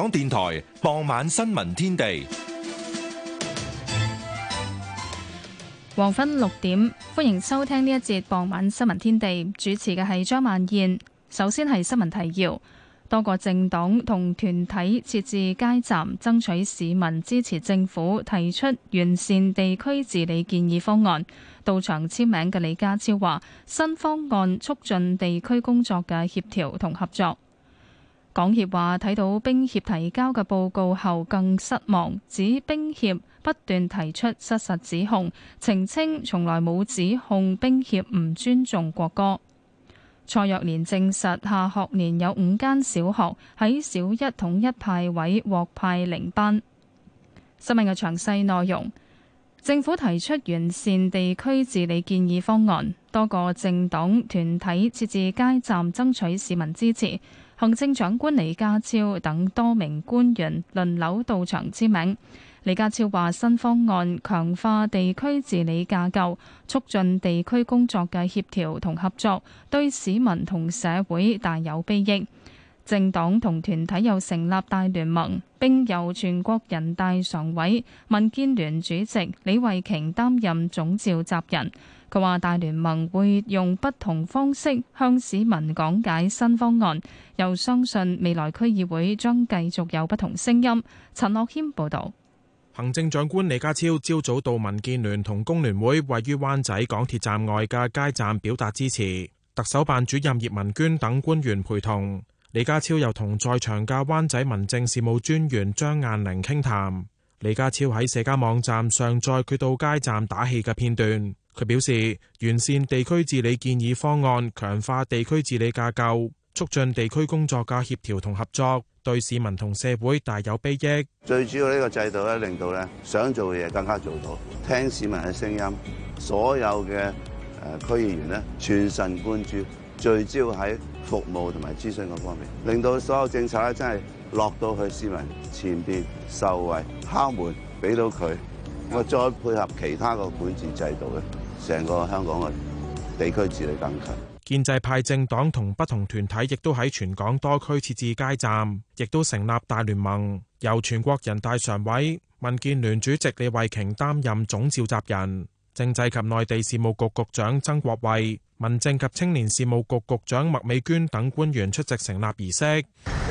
香港電台傍晚新聞天地，黃昏六點，歡迎收聽呢一節傍晚新聞天地，主持嘅係張曼燕。首先係新聞提要，多個政黨同團體設置街站，爭取市民支持政府提出完善地區治理建議方案。到場簽名嘅李家超話，新方案促進地區工作嘅協調同合作。港協話睇到冰協提交嘅報告後更失望，指冰協不斷提出失實指控，澄清從來冇指控冰協唔尊重國歌。蔡若蓮證實，下學年有五間小學喺小一統一派位獲派零班。新聞嘅詳細內容，政府提出完善地區治理建議方案，多個政黨團體設置街站爭取市民支持。行政長官李家超等多名官員輪流到場簽名。李家超話：新方案強化地區治理架構，促進地區工作嘅協調同合作，對市民同社會大有裨益。政黨同團體又成立大聯盟，並由全國人大常委、民建聯主席李慧瓊擔任總召集人。佢話：大聯盟會用不同方式向市民講解新方案，又相信未來區議會將繼續有不同聲音。陳樂軒報導。行政長官李家超朝早到民建聯同工聯會位於灣仔港鐵站外嘅街站表達支持，特首辦主任葉文娟等官員陪同。李家超又同在場嘅灣仔民政事務專員張雁玲傾談，談。李家超喺社交網站上載佢到街站打氣嘅片段。佢表示完善地區治理建議方案，強化地區治理架構，促進地區工作嘅協調同合作，對市民同社會大有裨益。最主要呢個制度咧，令到咧想做嘅嘢更加做到，聽市民嘅聲音。所有嘅誒區議員咧，全神貫注聚焦喺服務同埋諮詢嗰方面，令到所有政策咧真係落到去市民前邊受惠，敲門俾到佢。我再配合其他嘅管治制度嘅。成個香港嘅地區治理更強，建制派政黨同不同團體亦都喺全港多區設置街站，亦都成立大聯盟，由全國人大常委、民建聯主席李慧瓊擔任總召集人，政制及內地事務局局長曾國衛、民政及青年事務局局長麥美娟等官員出席成立儀式。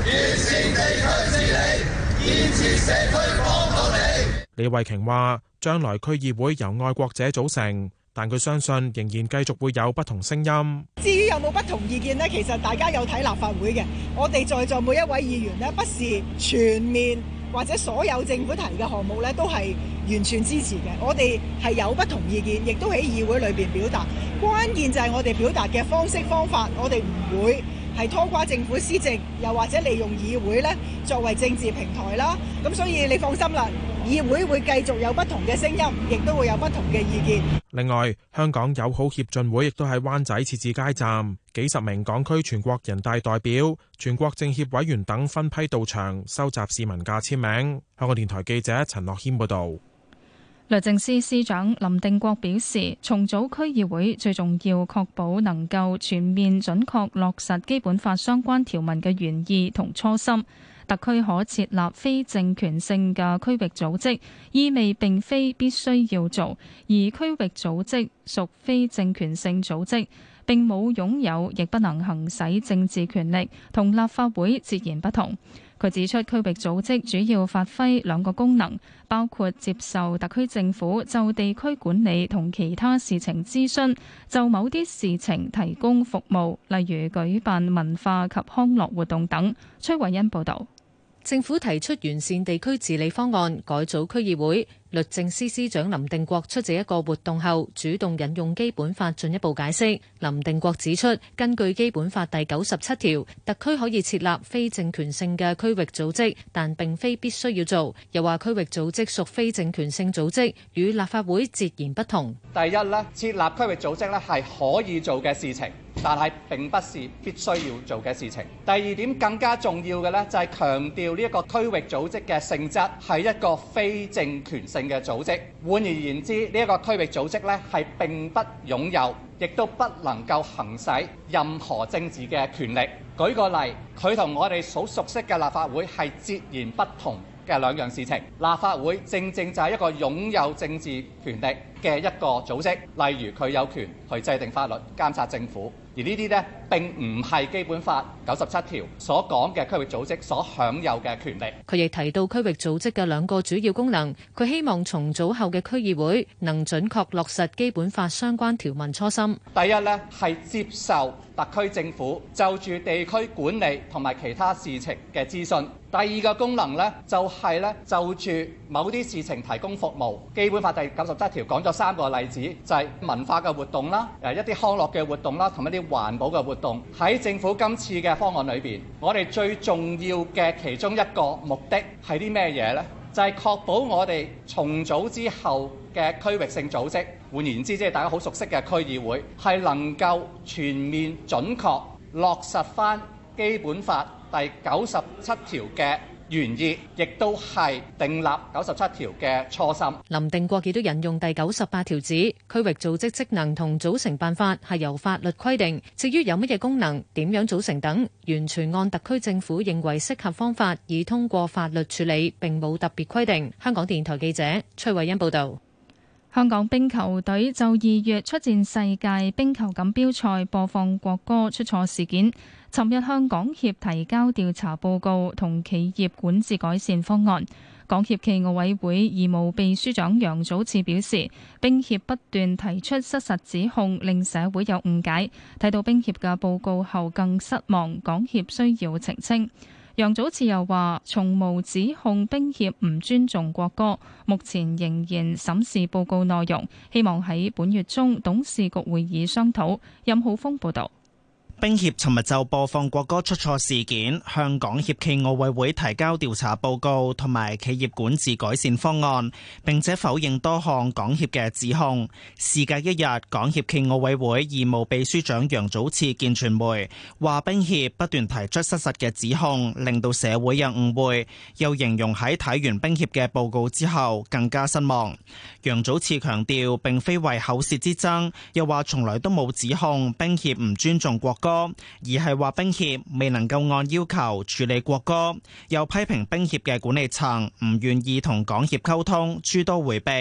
建設地區治理，建設社區共同努力。李慧瓊話，將來區議會由愛國者組成。但佢相信仍然繼續會有不同聲音。至於有冇不同意見呢，其實大家有睇立法會嘅，我哋在座每一位議員呢，不是全面或者所有政府提嘅項目呢都係完全支持嘅。我哋係有不同意見，亦都喺議會裏邊表達，關鍵就係我哋表達嘅方式方法，我哋唔會。係拖垮政府施政，又或者利用議會咧作為政治平台啦。咁所以你放心啦，議會會繼續有不同嘅聲音，亦都會有不同嘅意見。另外，香港友好協進會亦都喺灣仔設置街站，幾十名港區全國人大代表、全國政協委員等分批到場收集市民嘅簽名。香港電台記者陳樂軒報導。律政司司長林定國表示，重組區議會最重要，確保能夠全面準確落實基本法相關條文嘅原意同初心。特區可設立非政權性嘅區域組織，意味並非必須要做，而區域組織屬非政權性組織，並冇擁有，亦不能行使政治權力，同立法會截然不同。佢指出，區域組織主要發揮兩個功能，包括接受特區政府就地區管理同其他事情諮詢，就某啲事情提供服務，例如舉辦文化及康樂活動等。崔慧欣報導，政府提出完善地區治理方案，改組區議會。律政司司長林定國出席一個活動後，主動引用基本法進一步解釋。林定國指出，根據基本法第九十七條，特區可以設立非政權性嘅區域組織，但並非必須要做。又話區域組織屬非政權性組織，與立法會截然不同。第一呢，設立區域組織呢係可以做嘅事情。但係並不是必須要做嘅事情。第二點更加重要嘅呢，就係強調呢一個區域組織嘅性質係一個非政權性嘅組織。換而言之，呢一個區域組織呢，係並不擁有，亦都不能夠行使任何政治嘅權力。舉個例，佢同我哋所熟悉嘅立法會係截然不同嘅兩樣事情。立法會正正就係一個擁有政治權力嘅一個組織，例如佢有權去制定法律、監察政府。而呢啲咧並唔係基本法九十七條所講嘅區域組織所享有嘅權力。佢亦提到區域組織嘅兩個主要功能，佢希望重組後嘅區議會能準確落實基本法相關條文初心。第一咧係接受特區政府就住地區管理同埋其他事情嘅諮詢。第二個功能咧就係咧就住某啲事情提供服務。基本法第九十七條講咗三個例子，就係文化嘅活動啦，誒一啲康樂嘅活動啦，同一啲，環保嘅活動。喺政府今次嘅方案裏邊，我哋最重要嘅其中一個目的係啲咩嘢呢？就係、係、確保我哋重組之後嘅區域性組織，換言之，即、就、係、係、大家好熟悉嘅區議會，係能夠全面準確落實返《基本法》第九十七條嘅。原意亦都係訂立九十七條嘅初心。林定國亦都引用第九十八條指區域組織職能同組成辦法係由法律規定，至於有乜嘢功能、點樣組成等，完全按特區政府認為適合方法以通過法律處理，並冇特別規定。香港電台記者崔慧欣報道。香港冰球隊就二月出戰世界冰球錦標賽播放國歌出錯事件。尋日向港協提交調查報告同企業管治改善方案。港協暨奧委會義務秘書長楊祖賜表示，冰協不斷提出失實指控，令社會有誤解。睇到冰協嘅報告後更失望，港協需要澄清。楊祖賜又話：從無指控冰協唔尊重國歌，目前仍然審視報告內容，希望喺本月中董事局會議商討。任浩峰報導。冰協尋日就播放國歌出錯事件，向港協暨奧委會提交調查報告同埋企業管治改善方案，並且否認多項港協嘅指控。事隔一日，港協暨奧委會義務秘書長楊祖賜見傳媒，話冰協不斷提出失實嘅指控，令到社會有誤會，又形容喺睇完冰協嘅報告之後更加失望。楊祖賜強調並非為口舌之爭，又話從來都冇指控冰協唔尊重國歌。歌而係話，冰協未能夠按要求處理國歌，又批評冰協嘅管理層唔願意同港協溝通，諸多迴避。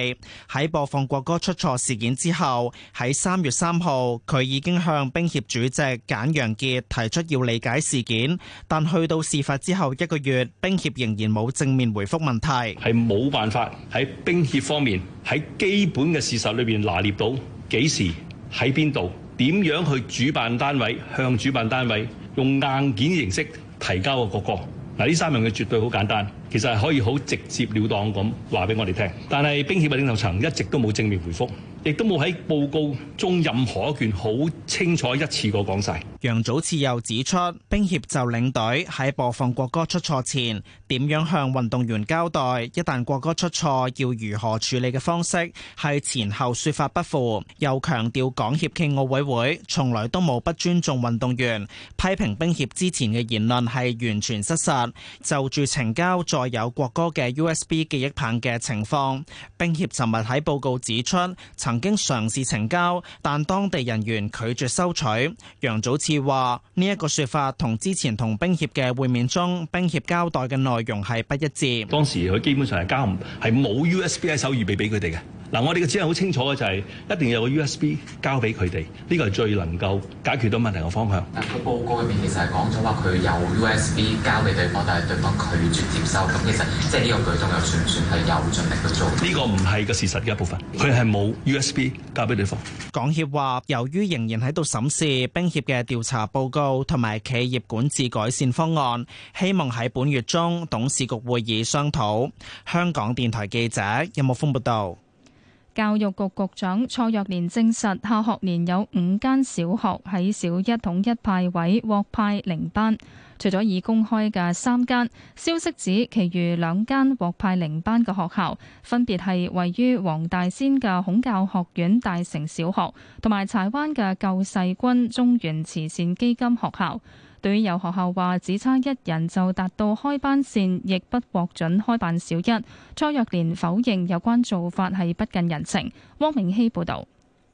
喺播放國歌出錯事件之後，喺三月三號，佢已經向冰協主席簡陽傑提出要理解事件，但去到事發之後一個月，冰協仍然冇正面回覆問題，係冇辦法喺冰協方面喺基本嘅事實裏邊拿捏到幾時喺邊度。點樣去主辦單位，向主辦單位用硬件形式提交個報告？嗱，呢三樣嘢絕對好簡單。其實係可以好直接了當咁話俾我哋聽，但係冰協嘅領導層一直都冇正面回覆，亦都冇喺報告中任何一段好清楚一次過講晒。楊祖次又指出，冰協就領隊喺播放國歌出錯前點樣向運動員交代，一旦國歌出錯要如何處理嘅方式係前後説法不符，又強調港協暨奧委會從來都冇不尊重運動員，批評冰協之前嘅言論係完全失實，就住成交帶有國歌嘅 USB 記憶棒嘅情況，冰協尋日喺報告指出，曾經嘗試呈交，但當地人員拒絕收取。楊祖熾話：呢、這、一個說法同之前同冰協嘅會面中，冰協交代嘅內容係不一致。當時佢基本上係交係冇 USB 手預備俾俾佢哋嘅。嗱，我哋嘅指引好清楚嘅就係一定要有個 USB 交俾佢哋，呢個係最能夠解決到問題嘅方向。但係個報告入面其實係講咗話，佢有 USB 交俾對方，但係對方拒絕接收。咁其實即係呢個舉動，又算唔算係有盡力去做？呢個唔係個事實嘅一部分，佢係冇 USB 交俾對方。港協話，由於仍然喺度審視冰協嘅調查報告同埋企業管治改善方案，希望喺本月中董事局會議商討。香港電台記者任木峯報道。教育局局長蔡若蓮證實，下學年有五間小學喺小一統一派位獲派零班，除咗已公開嘅三間，消息指其餘兩間獲派零班嘅學校，分別係位於黃大仙嘅孔教學院大成小學，同埋柴灣嘅救世軍中原慈善基金學校。對於有學校話只差一人就達到開班線，亦不獲准開辦小一。蔡若蓮否認有關做法係不近人情。汪明熙報道。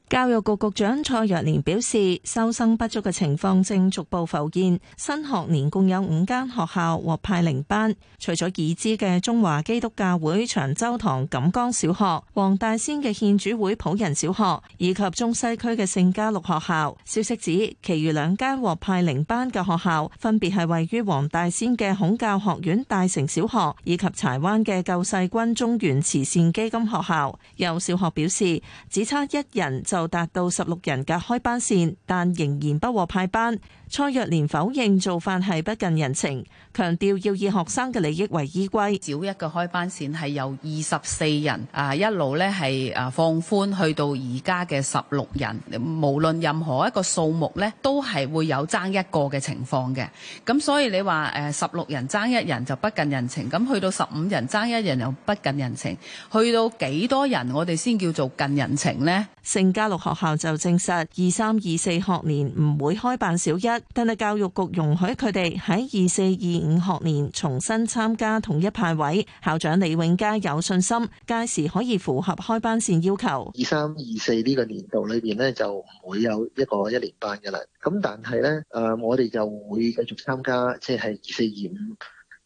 教育局局長蔡若蓮表示，收生不足嘅情況正逐步浮現。新學年共有五間學校獲派零班，除咗已知嘅中華基督教會長洲堂錦江小學、黃大仙嘅獻主會普仁小學以及中西區嘅聖家六學校，消息指其餘兩間獲派零班嘅學校，分別係位於黃大仙嘅孔教學院大成小學以及柴灣嘅救世軍中原慈善基金學校。有小學表示，只差一人。就達到十六人嘅開班線，但仍然不獲派班。蔡若蓮否認做法係不近人情，強調要以學生嘅利益為依歸。小一嘅開班線係由二十四人啊，一路呢係啊放寬去到而家嘅十六人，無論任何一個數目呢都係會有爭一個嘅情況嘅。咁所以你話誒，十六人爭一人就不近人情，咁去到十五人爭一人又不近人情，去到幾多人我哋先叫做近人情呢？聖加祿學校就證實，二三二四學年唔會開辦小一。但係教育局容許佢哋喺二四二五學年重新參加統一派位，校長李永嘉有信心，屆時可以符合開班線要求。二三二四呢個年度裏邊咧就唔會有一個一年班嘅啦，咁但係咧誒，我哋就會繼續參加，即係二四二五，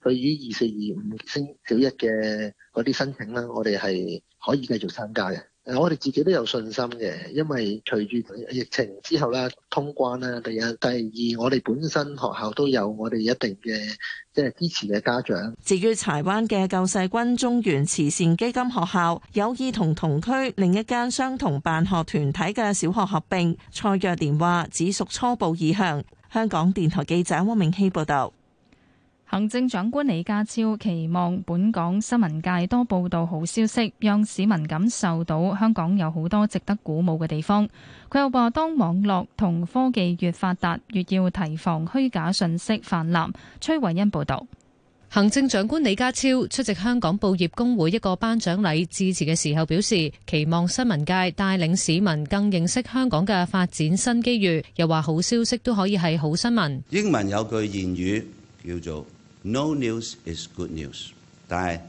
對於二四二五升小一嘅嗰啲申請啦，我哋係可以繼續參加嘅。誒，我哋自己都有信心嘅，因為隨住疫情之後啦，通關啦，第一、第二，我哋本身學校都有我哋一定嘅即係支持嘅家長。至於柴灣嘅救世軍中原慈善基金學校有意同同區另一間相同辦學團體嘅小學合併，蔡若蓮話只屬初步意向。香港電台記者汪明希報道。行政長官李家超期望本港新聞界多報道好消息，讓市民感受到香港有好多值得鼓舞嘅地方。佢又話：當網絡同科技越發達，越要提防虛假信息泛濫。崔偉恩報道，行政長官李家超出席香港報業公會一個頒獎禮致辭嘅時候表示，期望新聞界帶領市民更認識香港嘅發展新機遇。又話好消息都可以係好新聞。英文有句諺語叫做。No news is good news，但係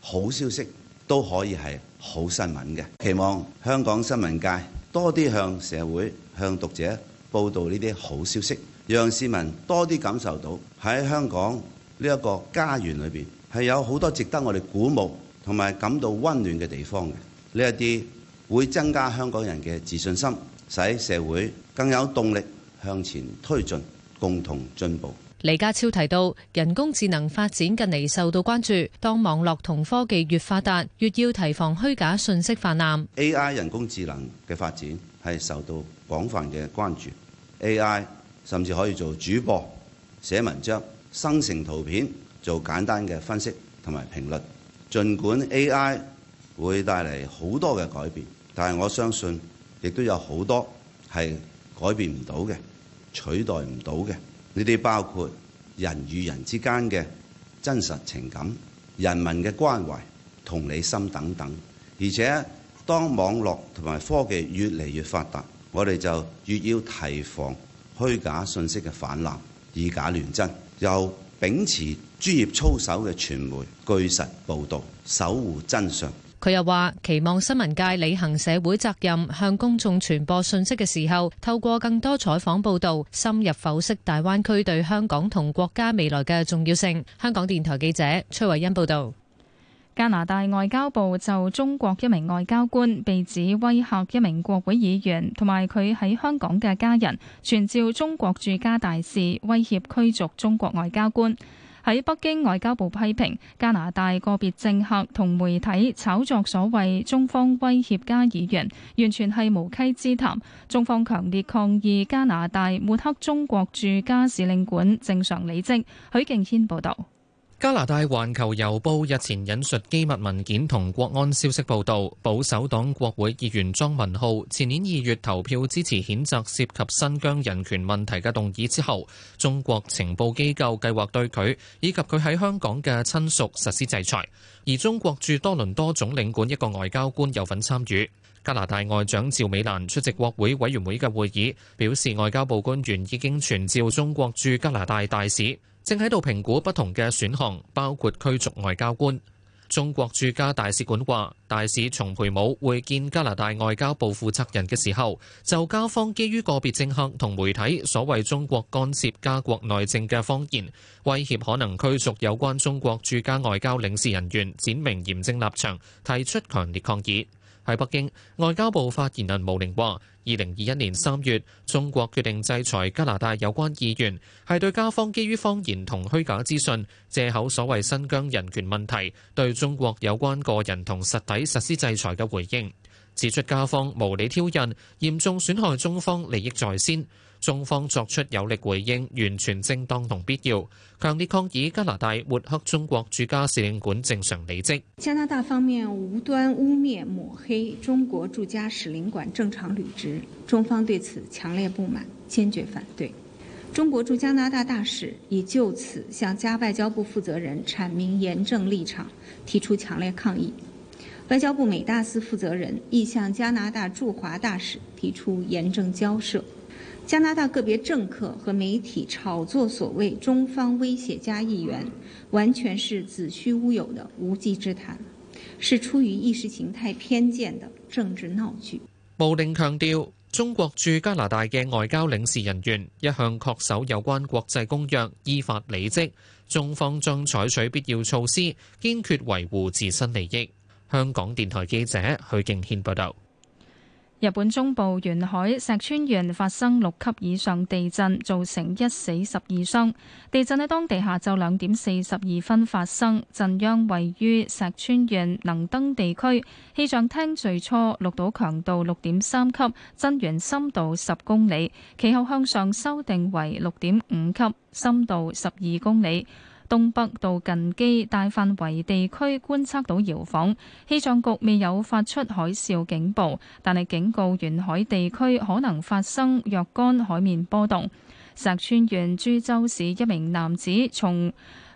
好消息都可以係好新聞嘅。期望香港新聞界多啲向社會、向讀者報導呢啲好消息，讓市民多啲感受到喺香港呢一個家園裏邊係有好多值得我哋鼓舞同埋感到溫暖嘅地方嘅。呢一啲會增加香港人嘅自信心，使社會更有動力向前推進，共同進步。李家超提到，人工智能發展近嚟受到關注。當網絡同科技越發達，越要提防虛假信息氾濫。AI 人工智能嘅發展係受到廣泛嘅關注。AI 甚至可以做主播、寫文章、生成圖片、做簡單嘅分析同埋評論，儘管 AI 會帶嚟好多嘅改變，但係我相信亦都有好多係改變唔到嘅、取代唔到嘅。你哋包括人與人之間嘅真實情感、人民嘅關懷、同理心等等，而且當網絡同埋科技越嚟越發達，我哋就越要提防虛假信息嘅氾濫，以假亂真，又秉持專業操守嘅傳媒，據實報導，守護真相。佢又話：期望新聞界履行社會責任，向公眾傳播訊息嘅時候，透過更多採訪報導，深入剖析大灣區對香港同國家未來嘅重要性。香港電台記者崔慧欣報道。加拿大外交部就中國一名外交官被指威嚇一名國會議員同埋佢喺香港嘅家人，傳召中國駐加大使威脅驅逐中國外交官。喺北京外交部，批評加拿大個別政客同媒體炒作所謂中方威脅加議員，完全係無稽之談。中方強烈抗議加拿大抹黑中國駐加使領館正常履職。許敬軒報道。加拿大《環球郵報》日前引述機密文件同國安消息報道，保守黨國會議員莊文浩前年二月投票支持譴責涉及新疆人權問題嘅動議之後，中國情報機構計劃對佢以及佢喺香港嘅親屬實施制裁，而中國駐多倫多總領館一個外交官有份參與。加拿大外長趙美蘭出席國會委員會嘅會議，表示外交部官員已經傳召中國駐加拿大大使。正喺度評估不同嘅選項，包括驅逐外交官。中國駐加大使館話，大使叢培武會見加拿大外交部負責人嘅時候，就加方基於個別政客同媒體所謂中國干涉加國內政嘅謊言，威脅可能驅逐有關中國駐加外交領事人員，展明嚴正立場，提出強烈抗議。喺北京，外交部發言人毛寧話，二零二一年三月，中國決定制裁加拿大有關議員，係對加方基於謊言同虛假資訊，借口所謂新疆人權問題對中國有關個人同實體實施制裁嘅回應，指出加方無理挑釁嚴重損害中方利益在先。中方作出有力回應，完全正當同必要，強烈抗議加拿大抹黑中國駐加使領館正常履職。加拿大方面無端污蔑抹黑中國駐加使領館正常履職，中方對此強烈不滿，堅決反對。中國駐加拿大大使已就此向加外交部負責人闡明嚴正立場，提出強烈抗議。外交部美大司負責人亦向加拿大駐華大使提出嚴正交涉。加拿大個別政客和媒體炒作所謂中方威脅加議員，完全是子虛烏有的無稽之談，是出於意識形態偏見的政治鬧劇。毛寧強調，中國駐加拿大嘅外交領事人員一向恪守有關國際公約，依法履職。中方將採取必要措施，堅決維護自身利益。香港電台記者許敬軒報道。日本中部沿海石川縣發生六級以上地震，造成一死十二傷。地震喺當地下晝兩點四十二分發生，震央位於石川縣能登地區。氣象廳最初錄到強度六點三級，震源深度十公里，其後向上修訂為六點五級，深度十二公里。東北到近畿大範圍地區觀察到搖晃，氣象局未有發出海嘯警報，但係警告沿海地區可能發生若干海面波動。石川縣珠洲市一名男子從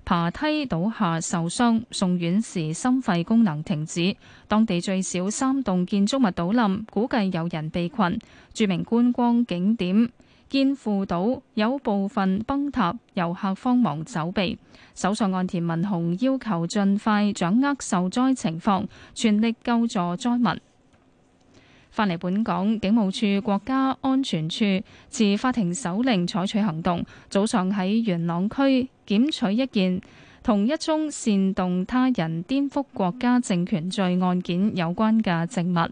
爬梯倒下受傷，送院時心肺功能停止。當地最少三棟建築物倒冧，估計有人被困。著名觀光景點見附島有部分崩塌，遊客慌忙走避。首相岸田文雄要求盡快掌握受災情況，全力救助災民。返嚟本港，警務處國家安全處持法庭手令採取行動，早上喺元朗區檢取一件同一宗煽動他人顛覆國家政權罪案件有關嘅證物。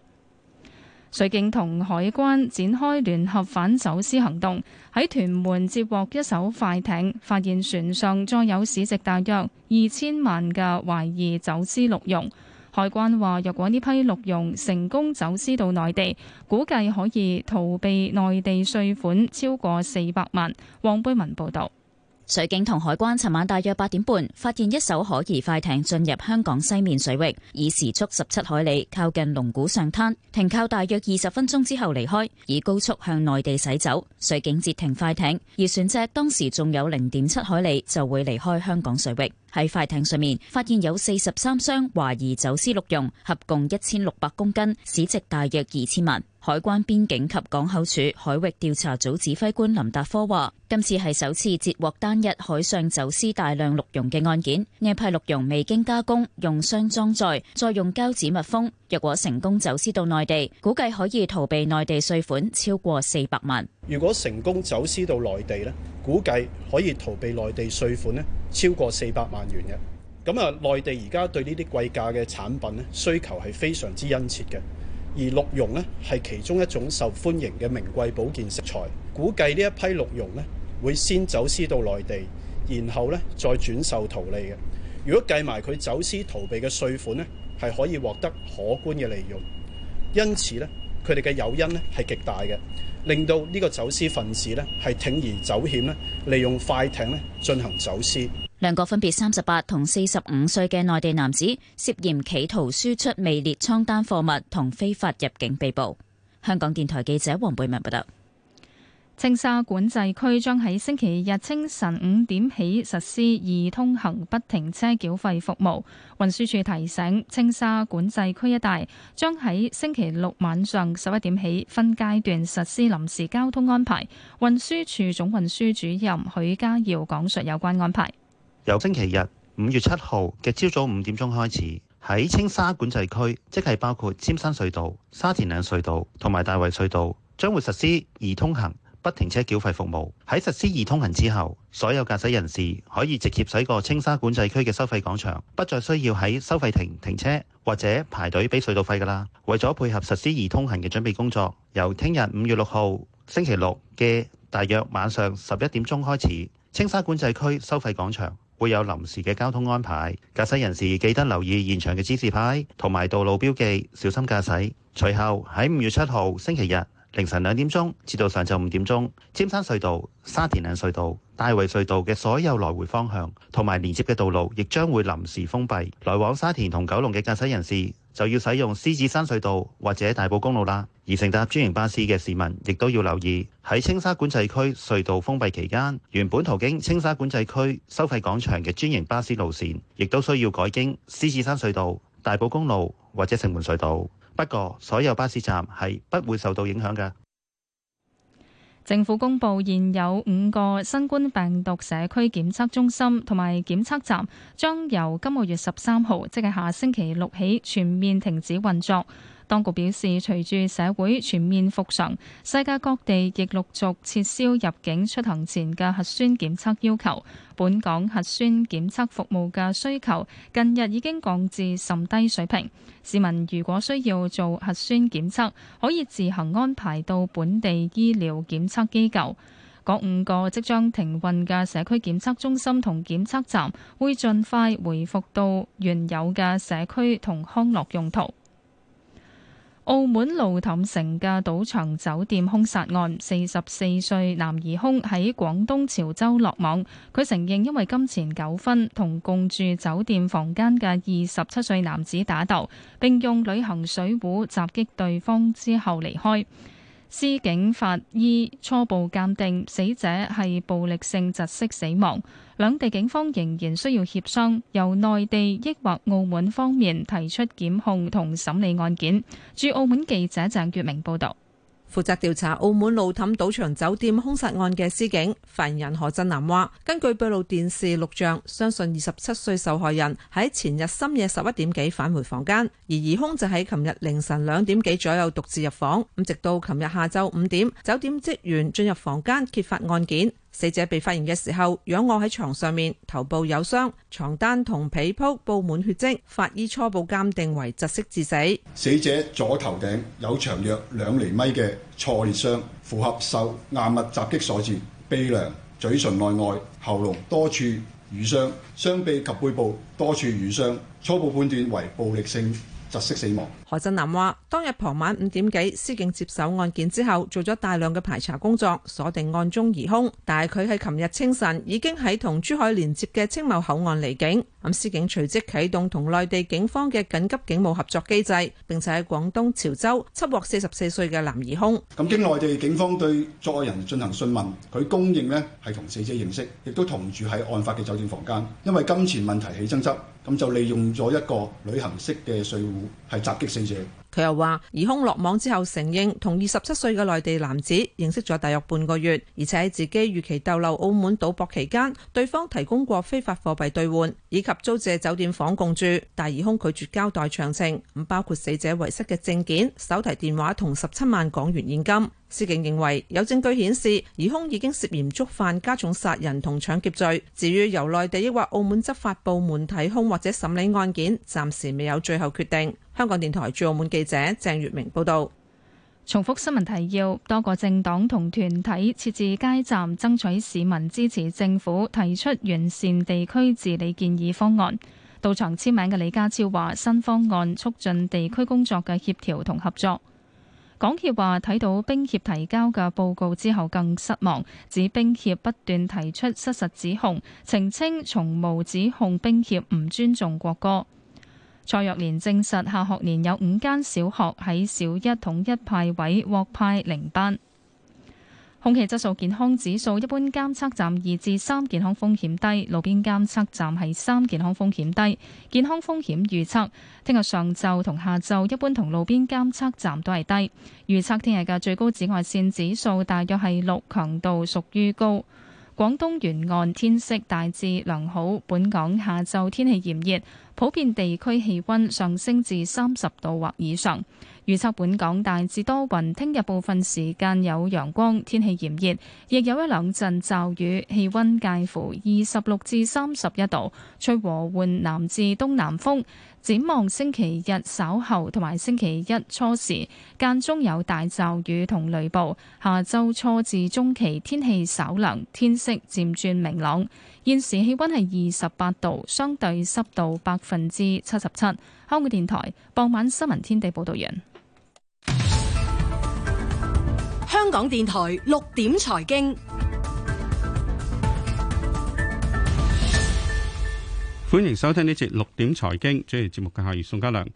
水警同海關展開聯合反走私行動，喺屯門截獲一艘快艇，發現船上載有市值大約二千萬嘅懷疑走私鹿茸。海關話：若果呢批鹿茸成功走私到內地，估計可以逃避內地稅款超過四百萬。黃貝文報導。水警同海關尋晚大約八點半，發現一艘可疑快艇進入香港西面水域，以時速十七海里靠近龍鼓上灘停靠大約二十分鐘之後離開，以高速向內地駛走。水警截停快艇，而船隻當時仲有零點七海里就會離開香港水域。喺快艇上面發現有四十三箱懷疑走私鹿茸，合共一千六百公斤，市值大約二千萬。海關邊境及港口處海域調查組指揮官林達科話，今次係首次截獲單日海上走私大量鹿茸嘅案件，呢批鹿茸未經加工，用箱裝載，再用膠紙密封。若果成功走私到內地，估計可以逃避內地稅款超過四百萬。如果成功走私到內地呢，估計可以逃避內地稅款咧超過四百萬元嘅。咁啊，內地而家對呢啲貴價嘅產品咧，需求係非常之殷切嘅。而鹿茸咧係其中一種受歡迎嘅名貴保健食材，估計呢一批鹿茸咧會先走私到內地，然後咧再轉售圖利嘅。如果計埋佢走私逃避嘅稅款咧，係可以獲得可觀嘅利潤。因此咧，佢哋嘅誘因咧係極大嘅，令到呢個走私分子咧係鋌而走險咧，利用快艇咧進行走私。兩個分別三十八同四十五歲嘅內地男子涉嫌企圖輸出未列倉單貨物同非法入境被捕。香港電台記者黃貝文報道。青沙管制區將喺星期日清晨五點起實施易通行不停車繳費服務。運輸署提醒，青沙管制區一帶將喺星期六晚上十一點起分階段實施臨時交通安排。運輸署總運輸主任許家耀講述有關安排。由星期日五月七號嘅朝早五點鐘開始，喺青沙管制區，即係包括尖山隧道、沙田嶺隧道同埋大圍隧道，將會實施易通行不停車繳費服務。喺實施易通行之後，所有駕駛人士可以直接駛過青沙管制區嘅收費廣場，不再需要喺收費亭停車或者排隊俾隧道費㗎啦。為咗配合實施易通行嘅準備工作，由聽日五月六號星期六嘅大約晚上十一點鐘開始，青沙管制區收費廣場，會有臨時嘅交通安排，駕駛人士記得留意現場嘅指示牌同埋道路標記，小心駕駛。隨後喺五月七號星期日凌晨兩點鐘至到上晝五點鐘，尖山隧道、沙田嶺隧道、大圍隧道嘅所有來回方向同埋連接嘅道路，亦將會臨時封閉，來往沙田同九龍嘅駕駛人士就要使用獅子山隧道或者大埔公路啦。而乘搭專營巴士嘅市民，亦都要留意喺青沙管制區隧道封閉期間，原本途經青沙管制區收費廣場嘅專營巴士路線，亦都需要改經獅子山隧道、大埔公路或者城門隧道。不過，所有巴士站係不會受到影響嘅。政府公布，現有五個新冠病毒社區檢測中心同埋檢測站，將由今個月十三號，即係下星期六起，全面停止運作。當局表示，隨住社會全面復常,世界各地亦陸續撤銷入境出行前嘅核酸檢測要求,本港核酸檢測服務嘅需求近日已經降至甚低水平,市民如果需要做核酸檢測,可以自行安排到本地醫療檢測機構,嗰五個即將停運嘅社區檢測中心同檢測站會盡快回復到原有嘅社區同康樂用途。澳門路氹城嘅賭場酒店凶殺案，四十四歲男疑凶喺廣東潮州落網。佢承認因為金錢糾紛，同共住酒店房間嘅二十七歲男子打鬥，並用旅行水壺襲擊對方之後離開。司警法醫初步鑑定死者係暴力性窒息死亡，兩地警方仍然需要協商，由內地抑或澳門方面提出檢控同審理案件。駐澳門記者鄭月明報導。負責調查澳門路氹賭場酒店凶殺案嘅司警發言人何振南話：根據閉路電視錄像，相信二十七歲受害人喺前日深夜十一點幾返回房間，而疑凶就喺琴日凌晨兩點幾左右獨自入房，咁直到琴日下晝五點，酒店職員進入房間揭發案件。死者被發現嘅時候仰臥喺床上面，頭部有傷，床單同被鋪布滿血跡。法醫初步鑑定為窒息致死。死者左頭頂有長約兩厘米嘅挫裂傷，符合受硬物襲擊所致。鼻梁、嘴唇內外、喉嚨多處瘀傷，雙臂及背部多處瘀傷，初步判斷為暴力性窒息死亡。何振南話：當日傍晚五點幾，司警接手案件之後，做咗大量嘅排查工作，鎖定案中疑凶。但係佢喺琴日清晨已經喺同珠海連接嘅青茂口岸離境。咁司警隨即啟動同內地警方嘅緊急警務合作機制，並且喺廣東潮州緝獲四十四歲嘅男疑凶。咁經內地警方對作案人進行訊問，佢供認呢係同死者認識，亦都同住喺案發嘅酒店房間。因為金錢問題起爭執，咁就利用咗一個旅行式嘅水壺係襲擊。佢又話，疑凶落網之後，承認同二十七歲嘅內地男子認識咗大約半個月，而且喺自己預期逗留澳門賭博期間，對方提供過非法貨幣兌換以及租借酒店房共住。但疑凶拒絕交代詳情，咁包括死者遺失嘅證件、手提電話同十七萬港元現金。司警認為有證據顯示疑凶已經涉嫌觸犯加重殺人同搶劫罪。至於由內地抑或澳門執法部門睇凶或者審理案件，暫時未有最後決定。香港電台駐澳門記者鄭月明報道：重複新聞提要，多個政黨同團體設置街站爭取市民支持政府提出完善地區治理建議方案。到場簽名嘅李家超話：新方案促進地區工作嘅協調同合作。港協話睇到冰協提交嘅報告之後更失望，指冰協不斷提出失實指控，澄清從無指控冰協唔尊重國歌。蔡若蓮證實，下學年有五間小學喺小一統一派位獲派零班。空氣質素健康指數一般監測站二至三，健康風險低；路邊監測站係三，健康風險低。健康風險預測聽日上晝同下晝一般同路邊監測站都係低。預測聽日嘅最高紫外線指數大約係六，強度屬於高。廣東沿岸天色大致良好，本港下晝天氣炎熱，普遍地區氣温上升至三十度或以上。預測本港大致多雲，聽日部分時間有陽光，天氣炎熱，亦有一兩陣驟雨，氣溫介乎二十六至三十一度，吹和緩南至東南風。展望星期日稍後同埋星期一初時，間中有大驟雨同雷暴。下周初至中期天氣稍涼，天色漸轉明朗。現時氣温係二十八度，相對濕度百分之七十七。香港電台傍晚新聞天地報道員。香港電台六點財經，歡迎收聽呢節六點財經。主持節目嘅係宋家良。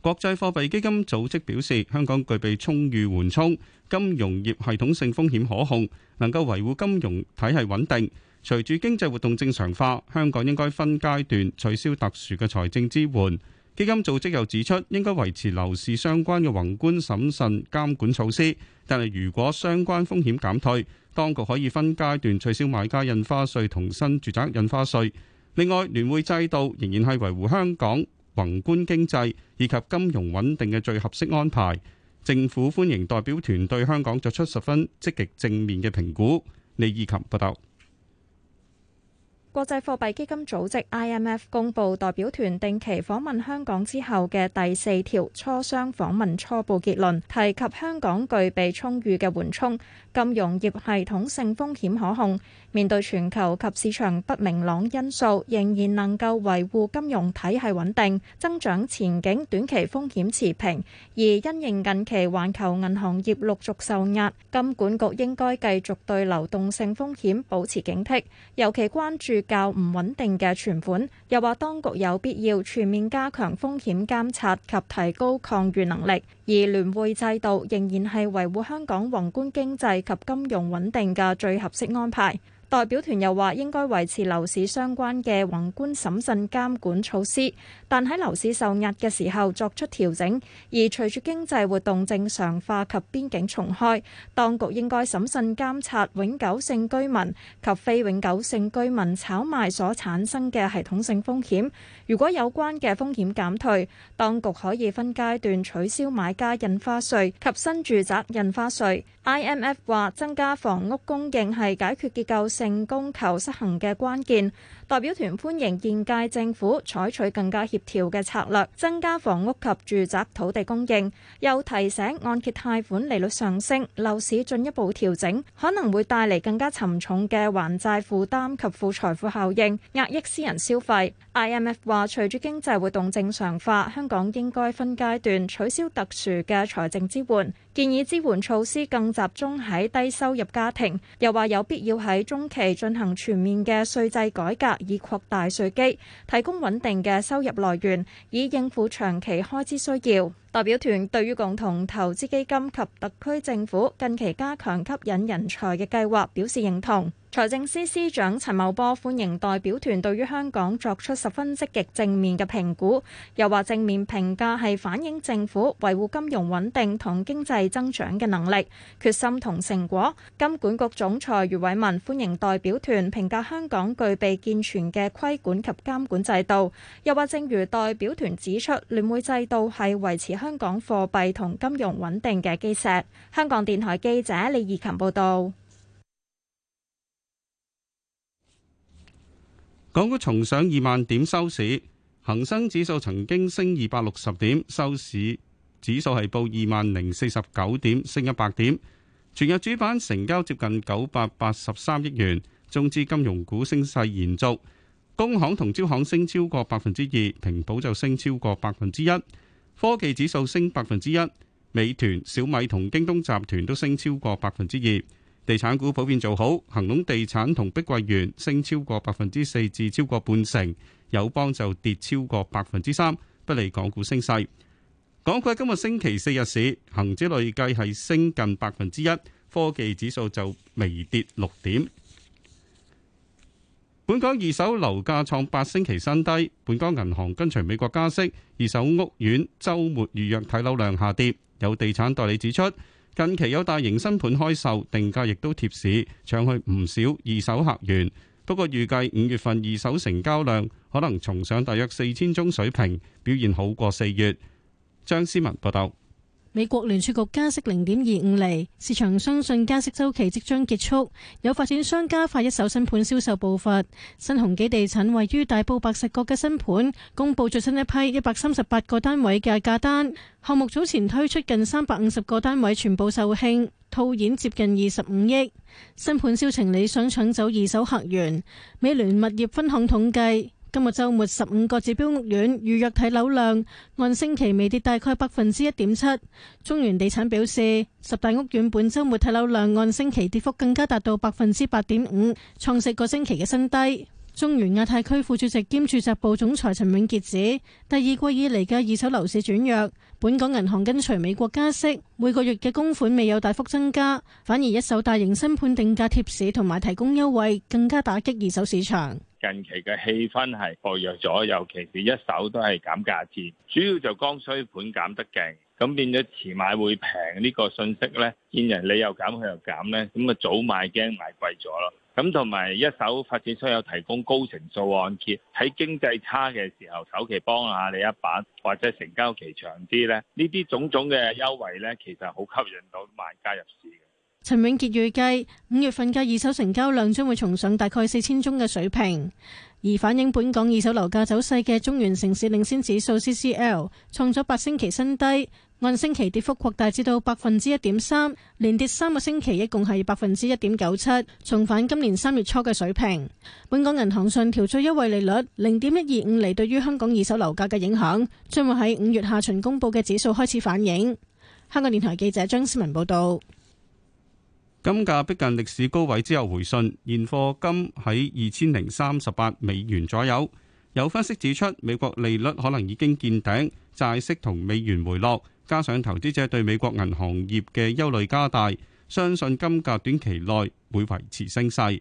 國際貨幣基金組織表示，香港具備充裕緩衝，金融業系統性風險可控，能夠維護金融體系穩定。隨住經濟活動正常化，香港應該分階段取消特殊嘅財政支援。基金組織又指出，應該維持樓市相關嘅宏觀審慎監管措施，但係如果相關風險減退，當局可以分階段取消買家印花稅同新住宅印花稅。另外，聯會制度仍然係維護香港宏觀經濟以及金融穩定嘅最合適安排。政府歡迎代表團對香港作出十分積極正面嘅評估。李以琴報道。國際貨幣基金組織 （IMF） 公布代表團定期訪問香港之後嘅第四條磋商訪問初步結論，提及香港具備充裕嘅緩衝，金融業系統性風險可控，面對全球及市場不明朗因素，仍然能夠維護金融體系穩定，增長前景短期風險持平。而因應近期環球銀行業陸續受壓，金管局應該繼續對流動性風險保持警惕，尤其關注較唔穩定嘅存款，又話當局有必要全面加強風險監察及提高抗御能力，而聯匯制度仍然係維護香港宏觀經濟及金融穩定嘅最合適安排。代表團又話，應該維持樓市相關嘅宏觀審慎監管措施，但喺樓市受壓嘅時候作出調整。而隨住經濟活動正常化及邊境重開，當局應該審慎監察永久性居民及非永久性居民炒賣所產生嘅系統性風險。如果有關嘅風險減退，當局可以分階段取消買家印花稅及新住宅印花稅。IMF 話增加房屋供應係解決結構性供求失衡嘅關鍵。代表團歡迎現屆政府採取更加協調嘅策略，增加房屋及住宅土地供應，又提醒按揭貸款利率上升、樓市進一步調整，可能會帶嚟更加沉重嘅還債負擔及負財富效應，壓抑私人消費。IMF 話。話隨住經濟活動正常化，香港應該分階段取消特殊嘅財政支援，建議支援措施更集中喺低收入家庭。又話有必要喺中期進行全面嘅稅制改革，以擴大稅基，提供穩定嘅收入來源，以應付長期開支需要。代表團對於共同投資基金及特區政府近期加強吸引人才嘅計劃表示認同。財政司司長陳茂波歡迎代表團對於香港作出十分積極正面嘅評估，又話正面評價係反映政府維護金融穩定同經濟增長嘅能力、決心同成果。金管局總裁余偉文歡迎代表團評價香港具備健全嘅規管及監管制度，又話正如代表團指出，聯會制度係維持香香港貨幣同金融穩定嘅基石。香港電台記者李義勤報道：港股重上二萬點收市，恒生指數曾經升二百六十點，收市指數係報二萬零四十九點，升一百點。全日主板成交接近九百八十三億元，中資金融股升勢延續，工行同招行升超過百分之二，平保就升超過百分之一。科技指數升百分之一，美團、小米同京東集團都升超過百分之二。地產股普遍做好，恒隆地產同碧桂園升超過百分之四至超過半成，友邦就跌超過百分之三，不利港股升勢。港股今日星期四日市，恒指累計係升近百分之一，科技指數就微跌六點。本港二手樓價創八星期新低，本港銀行跟隨美國加息，二手屋苑週末預約睇樓量下跌。有地產代理指出，近期有大型新盤開售，定價亦都貼市，搶去唔少二手客源。不過預計五月份二手成交量可能重上大約四千宗水平，表現好過四月。張思文報道。美國聯儲局加息零點二五厘，市場相信加息周期即將結束，有發展商加快一手新盤銷售步伐。新鴻基地產位於大埔白石角嘅新盤公布最新一批一百三十八個單位嘅價單，項目早前推出近三百五十個單位全部售罄，套現接近二十五億。新盤銷情理想，搶走二手客源。美聯物業分行統計。今個周末十五個指標屋苑預約睇樓量按星期未跌大概百分之一點七。中原地產表示，十大屋苑本周末睇樓量按星期跌幅更加達到百分之八點五，創四個星期嘅新低。中原亞太區副主席兼住宅部總裁陳永傑指，第二季以嚟嘅二手樓市轉弱，本港銀行跟隨美國加息，每個月嘅供款未有大幅增加，反而一手大型新盤定價貼市同埋提供優惠，更加打擊二手市場。近期嘅氣氛係薄弱咗，尤其是一手都係減價戰，主要就剛需盤減得勁，咁變咗遲買會平呢個信息呢，見人你又減，佢又減呢，咁啊早買驚買貴咗咯。咁同埋一手發展商有提供高成數按揭，喺經濟差嘅時候，首期幫下你一把，或者成交期長啲呢，呢啲種種嘅優惠呢，其實好吸引到買家入市。陳永傑預計五月份嘅二手成交量將會重上大概四千宗嘅水平，而反映本港二手樓價走勢嘅中原城市領先指數 （CCL） 創咗八星期新低，按星期跌幅擴大至到百分之一點三，連跌三個星期，一共係百分之一點九七，重返今年三月初嘅水平。本港銀行上調最優惠利率零點一二五厘，對於香港二手樓價嘅影響將會喺五月下旬公布嘅指數開始反映。香港電台記者張思文報道。金價逼近歷史高位之後回軟，現貨金喺二千零三十八美元左右。有分析指出，美國利率可能已經見頂，債息同美元回落，加上投資者對美國銀行業嘅憂慮加大，相信金價短期內會維持升勢。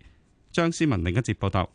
張思文另一節報道。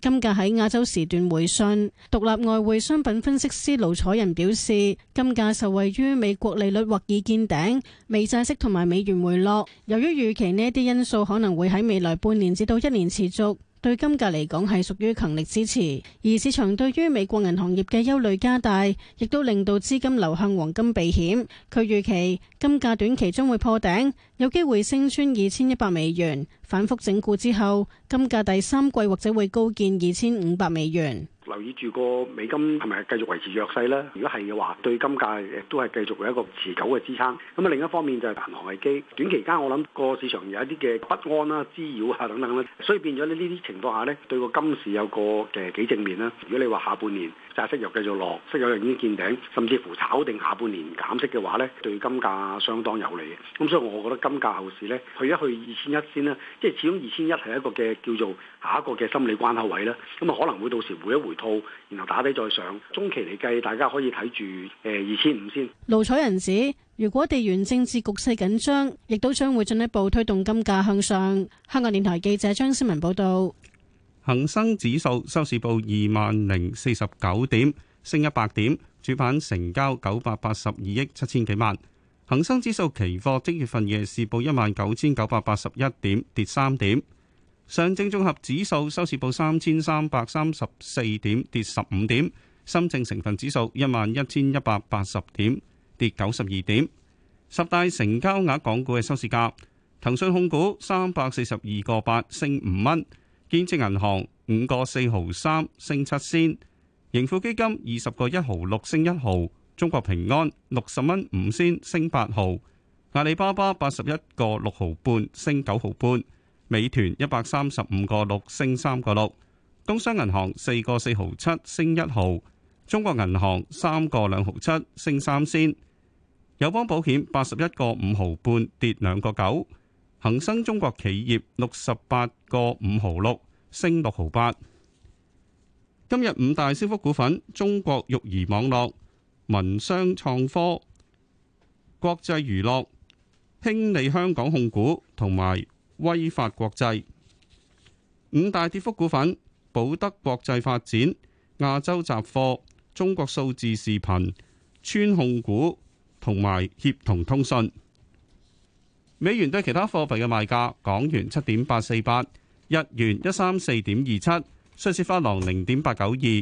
金價喺亞洲時段回信，獨立外匯商品分析師盧楚仁表示，金價受惠於美國利率或已見頂，美債息同埋美元回落，由於預期呢啲因素可能會喺未來半年至到一年持續，對金價嚟講係屬於強力支持，而市場對於美國銀行業嘅憂慮加大，亦都令到資金流向黃金避險。佢預期金價短期將會破頂，有機會升穿二千一百美元。反覆整固之後，金價第三季或者會高見二千五百美元。留意住個美金係咪繼續維持弱勢咧？如果係嘅話，對金價亦都係繼續有一個持久嘅支撐。咁啊另一方面就係銀行危機，短期間我諗個市場有一啲嘅不安啦、滋擾啊等等啦，所以變咗咧呢啲情況下咧，對金個金市有個嘅幾正面啦。如果你話下半年，加息又繼續落，息友又已經見頂，甚至乎炒定下半年減息嘅話呢，對金價相當有利嘅。咁所以，我覺得金價後市呢，去一去二千一先啦，即係始終二千一係一個嘅叫做下一個嘅心理關口位啦。咁啊，可能會到時回一回吐，然後打低再上。中期嚟計，大家可以睇住誒二千五先。盧彩人指，如果地緣政治局勢緊張，亦都將會進一步推動金價向上。香港電台記者張思文報道。恒生指數收市報二萬零四十九點，升一百點，主板成交九百八十二億七千幾萬。恒生指數期貨即月份夜市報一萬九千九百八十一點，跌三點。上證綜合指數收市報三千三百三十四點，跌十五點。深證成分指數一萬一千一百八十點，跌九十二點。十大成交額港股嘅收市價，騰訊控股三百四十二個八，升五蚊。建設銀行五個四毫三升七仙，盈富基金二十個一毫六升一毫，中國平安六十蚊五仙升八毫，阿里巴巴八十一個六毫半升九毫半，美團一百三十五個六升三個六，工商銀行四個四毫七升一毫，中國銀行三個兩毫七升三仙，友邦保險八十一個五毫半跌兩個九。恒生中國企業六十八個五毫六，升六毫八。今日五大升幅股份：中國育兒網絡、文商創科、國際娛樂、興利香港控股同埋威發國際。五大跌幅股份：保德國際發展、亞洲雜貨、中國數字視頻、川控股同埋協同通訊。美元對其他貨幣嘅賣價：港元七點八四八，日元一三四點二七，瑞士法郎零點八九二，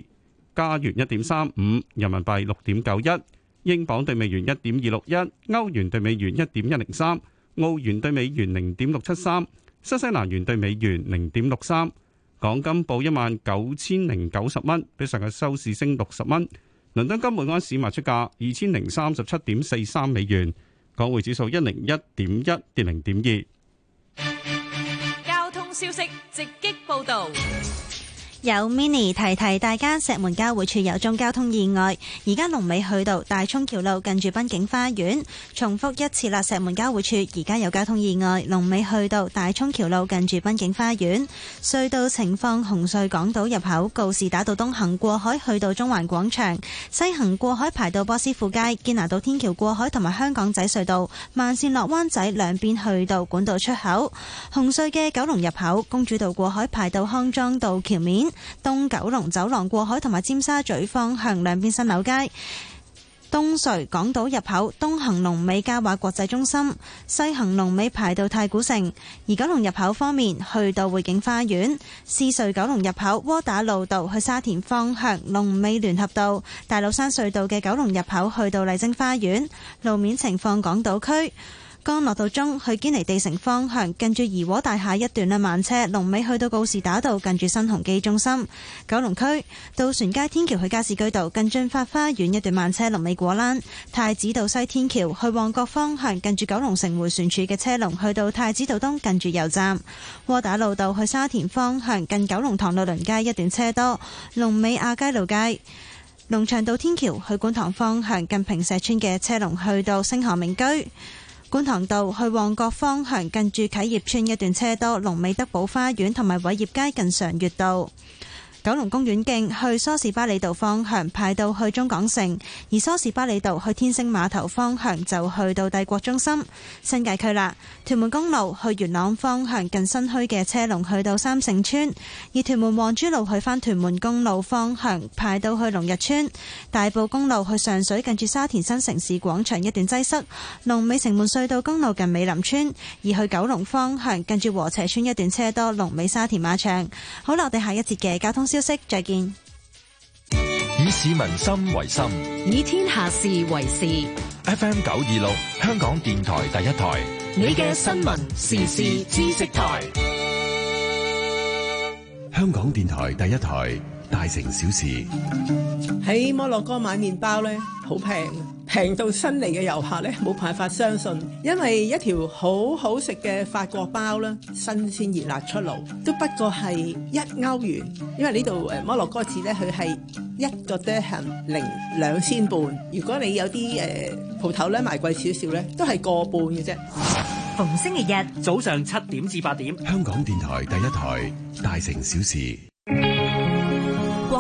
加元一點三五，人民幣六點九一，英鎊對美元一點二六一，歐元對美元一點一零三，澳元對美元零點六七三，新西蘭元對美元零點六三。港金報一萬九千零九十蚊，比上日收市升六十蚊。倫敦金每盎司賣出價二千零三十七點四三美元。港匯指數一零一點一跌零點二。交通消息直擊報道。有 mini 提提大家，石門交匯處有宗交通意外。而家龍尾去到大涌橋路近住濱景花園。重複一次啦，石門交匯處而家有交通意外，龍尾去到大涌橋路近住濱景花園。隧道情況：紅隧港島入口告士打道東行過海去到中環廣場，西行過海排到波斯富街、堅拿道天橋過海同埋香港仔隧道。慢線落灣仔兩邊去到管道出口。紅隧嘅九龍入口公主道過海排到康莊道橋面。東九龍走廊，過海同埋尖沙咀方向兩邊新樓街，東隧，港島入口東行龍尾嘉華國際中心，西行龍尾排到太古城，而九龍入口方面去到匯景花園，獅隧九龍入口窩打老道去沙田方向龍尾聯合道，大老山隧道嘅九龍入口去到麗晶花園。路面情況，港島區。干諾道中去堅尼地城方向，近住怡和大廈一段咧慢車。龍尾去到告士打道，近住新鴻基中心，九龍區渡船街天橋去加士居道，近駿發花園一段慢車。龍尾果欄太子道西天橋去旺角方向，近住九龍城回旋處嘅車龍去到太子道東，近住油站窩打老道去沙田方向，近九龍塘律倫街一段車多。龍尾亞皆老街龍翔道天橋去觀塘方向，近平石村嘅車龍去到星河明居。觀塘道去旺角方向，近住啟業邨一段車多，龍尾德寶花園同埋偉業街近常悅道。九龍公園徑去梳士巴利道方向，排到去中港城；而梳士巴利道去天星碼頭方向就去到帝國中心、新界區啦。屯門公路去元朗方向近新墟嘅車龍去到三聖村；而屯門皇珠路去翻屯門公路方向，排到去龍日村。大埔公路去上水近住沙田新城市廣場一段擠塞。龍尾城門隧道公路近美林村，而去九龍方向近住禾輋邨一段車多。龍尾沙田馬場，好啦，我哋下一節嘅交通消息再見。以市民心為心，以天下事為事。FM 九二六，香港電台第一台。你嘅新聞、時事、知識台。香港電台第一台。大城小事，喺摩洛哥買麵包呢，好平，平到新嚟嘅遊客呢冇辦法相信，因為一條好好食嘅法國包啦，新鮮熱辣出爐，都不過係一歐元。因為呢度誒，摩洛哥錢呢，佢係一個啫係零兩千半。如果你有啲誒鋪頭咧賣貴少少呢，點點都係個半嘅啫。逢星期日早上七點至八點，香港電台第一台大城小事。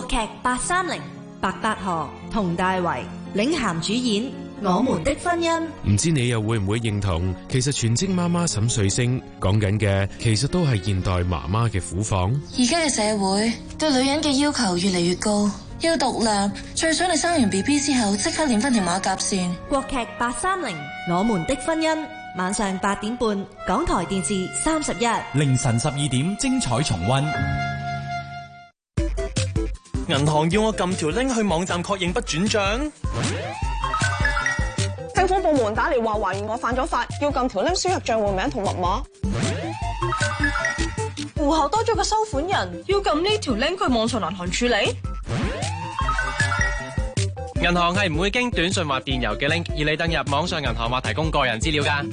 劇八三零，30, 白百何、佟大為領銜主演《我們的婚姻》，唔知你又會唔會認同？其實全職媽媽沈瑞星講緊嘅，其實都係現代媽媽嘅苦況。而家嘅社會對女人嘅要求越嚟越高，要獨立。最想你生完 B B 之後即刻練翻條馬甲線。國劇八三零，《我們的婚姻》，晚上八點半，港台電視三十一，凌晨十二點，精彩重温。銀行要我撳條 link 去網站確認不轉賬，政府部門打嚟話懷疑我犯咗法，要撳條 link 輸入賬戶名同密碼，戶口多咗個收款人，要撳呢條 link 去網上銀行處理。銀行係唔會經短信或電郵嘅 link，而你登入網上銀行或提供個人資料噶。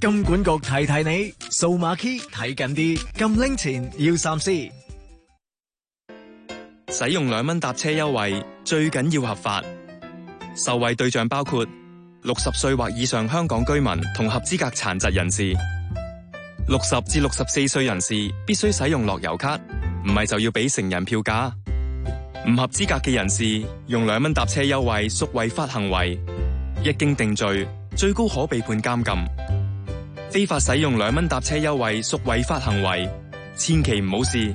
金管局提提你，數碼 key 睇緊啲，撳 link 前要三思。使用兩蚊搭車優惠最緊要合法，受惠對象包括六十歲或以上香港居民同合資格殘疾人士。六十至六十四歲人士必須使用樂悠卡，唔係就要俾成人票價。唔合資格嘅人士用兩蚊搭車優惠屬違法行為，一經定罪，最高可被判監禁。非法使用兩蚊搭車優惠屬違法行為，千祈唔好試。